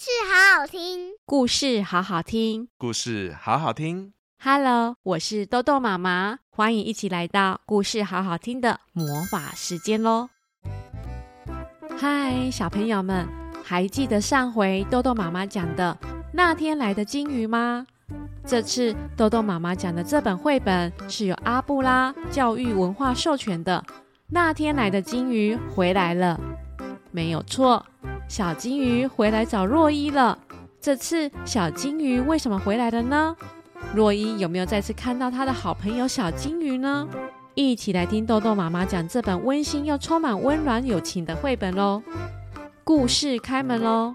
故事好好聽，故事好好聽，故事好好聽。Hello，我是豆豆媽媽，歡迎一起來到故事好好聽的魔法時間嘍！嗨，小朋友們，還記得上回豆豆媽媽講的那天來的鯨魚嗎？這次豆豆媽媽講的這本繪本是由阿布拉教育文化授權的，《那天來的鯨魚》回來了，沒有錯。小鯨魚回來找諾伊了。這次小鯨魚為什麼回來了呢？諾伊有沒有再次看到他的好朋友小鯨魚呢？一起來聽荳荳媽媽講這本溫馨又充滿溫暖友情的繪本嘍！故事開門嘍！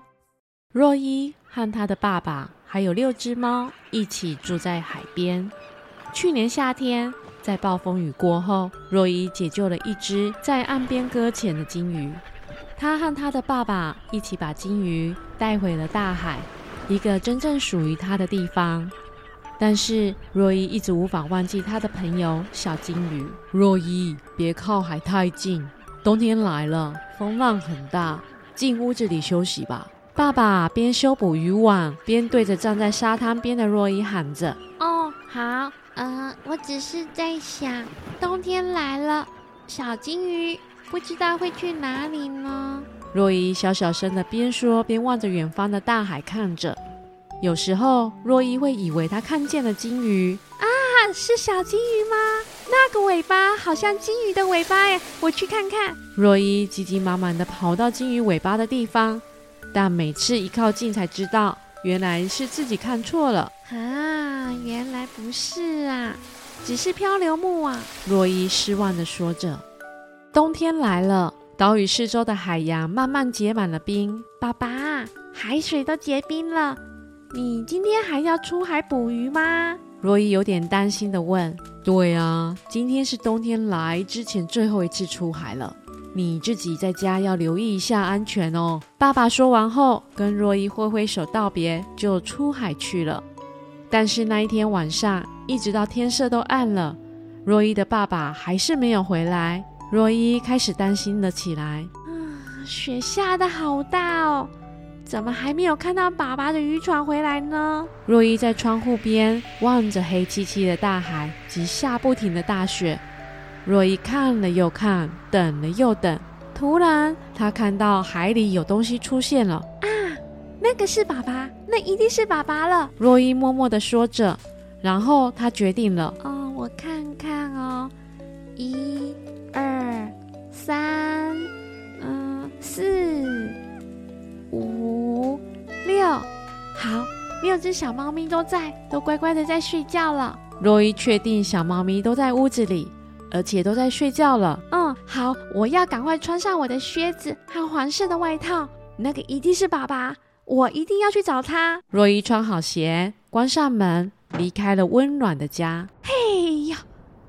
諾伊和他的爸爸還有六隻貓一起住在海邊。去年夏天，在暴風雨過後，諾伊解救了一隻在岸邊擱淺的鯨魚。他和他的爸爸一起把鯨魚帶回了大海，一個真正屬於他的地方。但是諾伊一直無法忘記他的朋友小鯨魚。諾伊，別靠海太近。冬天來了，風浪很大，進屋子裡休息吧。爸爸邊修補漁網，邊對着站在沙灘邊的諾伊喊着：“哦，好，嗯、呃，我只是在想，冬天來了，小鯨魚。”不知道會去哪裡呢？諾伊小小聲的邊說邊望着遠方的大海，看着。有時候諾伊會以為他看見了鯨魚啊，是小鯨魚嗎？那個尾巴好像鯨魚的尾巴耶。我去看看。諾伊急急忙忙的跑到鯨魚尾巴的地方，但每次一靠近才知道，原來是自己看錯了啊，原來不是啊，只是漂流木啊。諾伊失望的說着。冬天來了，島嶼四周的海洋慢慢結滿了冰。爸爸，海水都結冰了，你今天還要出海捕魚嗎？諾伊有點擔心地問。對啊，今天是冬天來之前最後一次出海了。你自己在家要留意一下安全哦。爸爸說完後，跟諾伊揮揮手道別，就出海去了。但是那一天晚上，一直到天色都暗了，諾伊的爸爸還是沒有回來。諾伊開始擔心了起來。啊、嗯，雪下得好大哦，怎麼還沒有看到爸爸的漁船回來呢？諾伊在窗戶邊望着黑漆漆的大海及下不停的大雪。諾伊看了又看，等了又等。突然，他看到海裡有東西出現了。啊，那個是爸爸，那一定是爸爸了。諾伊默默的說着，然後他決定了。啊、哦，我看看哦。一。三，嗯、呃，四，五，六，好，六隻小貓咪，都在，都乖乖的在睡覺了。諾伊確定小貓咪都在屋子裡，而且都在睡覺了。嗯，好，我要趕快穿上我的靴子和黃色的外套。那個一定是爸爸，我一定要去找他。諾伊穿好鞋，關上門，離開了溫暖的家。嘿喲，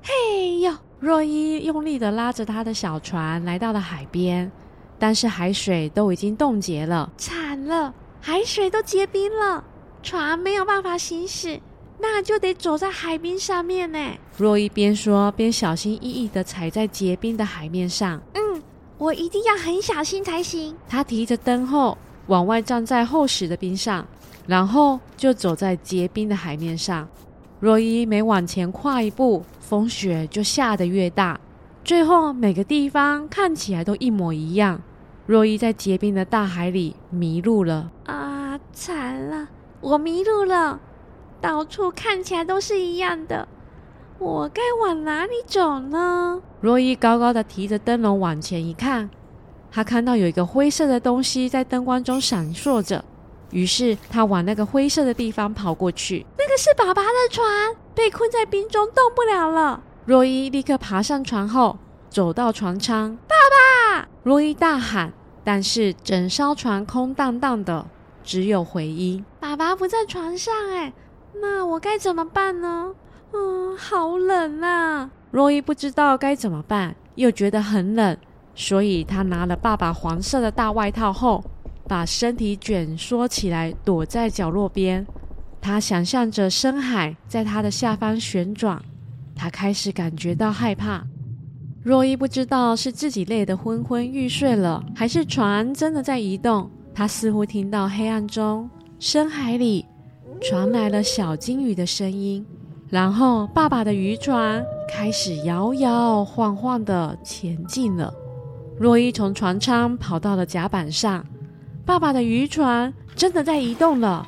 嘿喲。諾伊用力的拉着他的小船來到了海邊，但是海水都已經凍結了。慘了，海水都結冰了，船沒有辦法行駛，那就得走在海冰上面呢。諾伊邊說邊小心翼翼的踩在結冰的海面上，嗯，我一定要很小心才行。他提着燈後往外站在厚實的冰上，然後就走在結冰的海面上。諾伊每往前跨一步，風雪就下得越大，最後每個地方看起來都一模一樣。諾伊在結冰的大海裡迷路了，啊，慘了！我迷路了，到處看起來都是一樣的，我該往哪裡走呢？諾伊高高的提着燈籠往前一看，他看到有一個灰色的東西在燈光中閃爍着，於是他往那個灰色的地方跑過去。那個是爸爸的船，被困在冰中動不了了。諾伊立刻爬上船後，走到船艙，爸爸！諾伊大喊，但是整艘船空蕩蕩的，只有回音。爸爸不在船上，欸，哎，那我該怎麼辦呢？嗯，好冷啊！諾伊不知道該怎麼辦，又覺得很冷，所以他拿了爸爸黃色的大外套後，把身體捲縮起來，躲在角落邊。他想象着深海在他的下方旋轉，他開始感覺到害怕。諾伊不知道是自己累得昏昏欲睡了，還是船真的在移動。他似乎聽到黑暗中、深海裡傳來了小鯨魚的聲音，然後爸爸的漁船開始搖搖晃晃的前進了。諾伊從船艙跑到了甲板上，爸爸的漁船真的在移動了。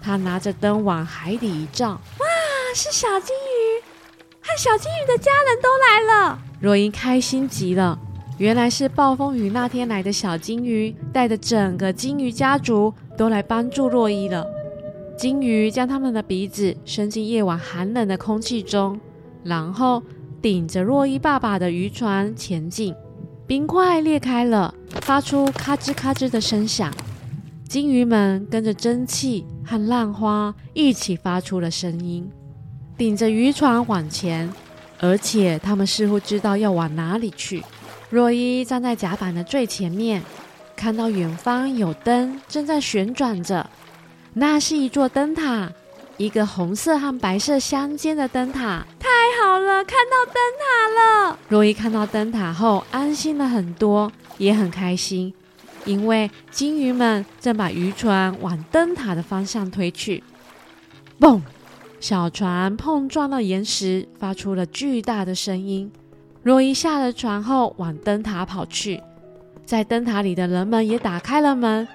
他拿着燈往海底一照，哇，是小鯨魚！和小鯨魚的家人都來了。諾伊開心極了，原來是暴風雨那天來的小鯨魚，帶着整個鯨魚家族都來幫助諾伊了。鯨魚將它們的鼻子伸進夜晚寒冷的空氣中，然後頂着諾伊爸爸的漁船前進。冰塊裂開了，發出咔吱咔吱的聲響。鯨魚們跟着蒸汽和浪花一起發出了聲音，頂着漁船往前，而且它們似乎知道要往哪裡去。諾伊站在甲板的最前面，看到遠方有燈正在旋轉着，那是一座燈塔，一個紅色和白色相間的燈塔。太好了，看到燈塔了！諾伊看到燈塔後，安心了很多，也很開心。因為鯨魚們正把漁船往燈塔的方向推去，嘣！小船碰撞到岩石，發出了巨大的聲音。諾伊下了船後，往燈塔跑去。在燈塔裡的人們也打開了門，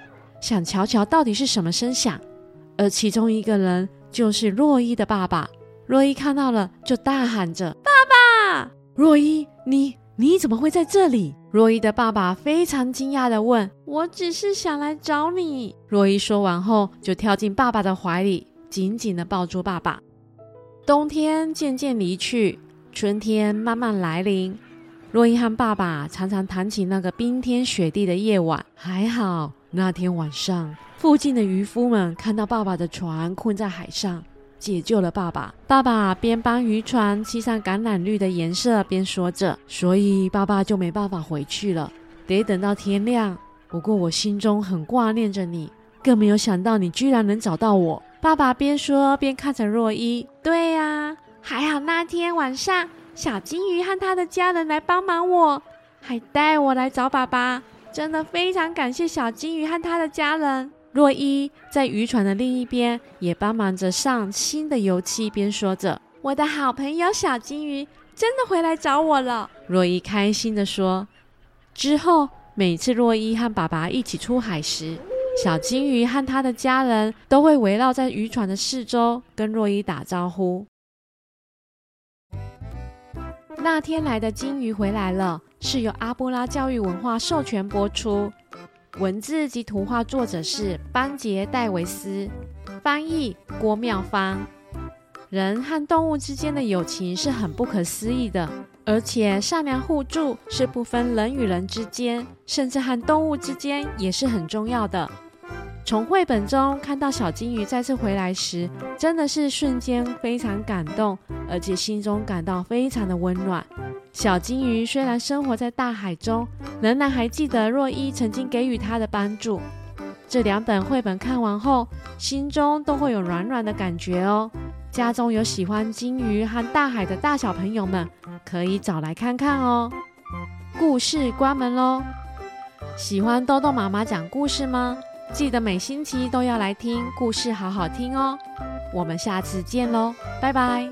想瞧瞧到底是什麼聲響。而其中一個人就是諾伊的爸爸。諾伊看到了，就大喊着：“爸爸！諾伊，你！”你怎麼會在這裡？諾伊的爸爸非常驚訝地問：“我只是想來找你。”諾伊說完後，就跳進爸爸的懷裡，緊緊地抱住爸爸。冬天漸漸離去，春天慢慢來臨。諾伊和爸爸常常談起那個冰天雪地的夜晚。還好，那天晚上，附近的漁夫們看到爸爸的船困在海上。解救了爸爸。爸爸邊幫漁船漆上橄欖綠的顏色，邊說着：“所以爸爸就沒辦法回去了，得等到天亮。不過我心中很掛念着你，更沒有想到你居然能找到我。”爸爸邊說邊看着諾伊：“對呀、啊，還好那天晚上小鯨魚和他的家人來幫忙我，我還帶我來找爸爸，真的非常感謝小鯨魚和他的家人。”諾伊在漁船的另一邊也幫忙着上新的油漆，邊說着：“我的好朋友小鯨魚真的回來找我了。”諾伊開心的說。之後每次諾伊和爸爸一起出海時，小鯨魚和他的家人都會圍繞在漁船的四周，跟諾伊打招呼。那天來的鯨魚回來了，是由阿布拉教育文化授權播出。文字及圖畫作者是班傑·戴維斯，翻譯郭妙芳。人和動物之間的友情是很不可思議的，而且善良互助是不分人與人之間，甚至和動物之間也是很重要的。從繪本中看到小鯨魚再次回來時，真的是瞬間非常感動，而且心中感到非常的溫暖。小鯨魚雖然生活在大海中，仍然還記得諾伊曾經給予它的幫助。這兩本繪本看完後，心中都會有軟軟的感覺哦、喔。家中有喜歡鯨魚和大海的大小朋友們，可以找來看看哦、喔。故事關門嘍！喜歡荳荳媽媽講故事嗎？記得每星期都要來聽故事，好好聽哦。我們下次見嘍，拜拜。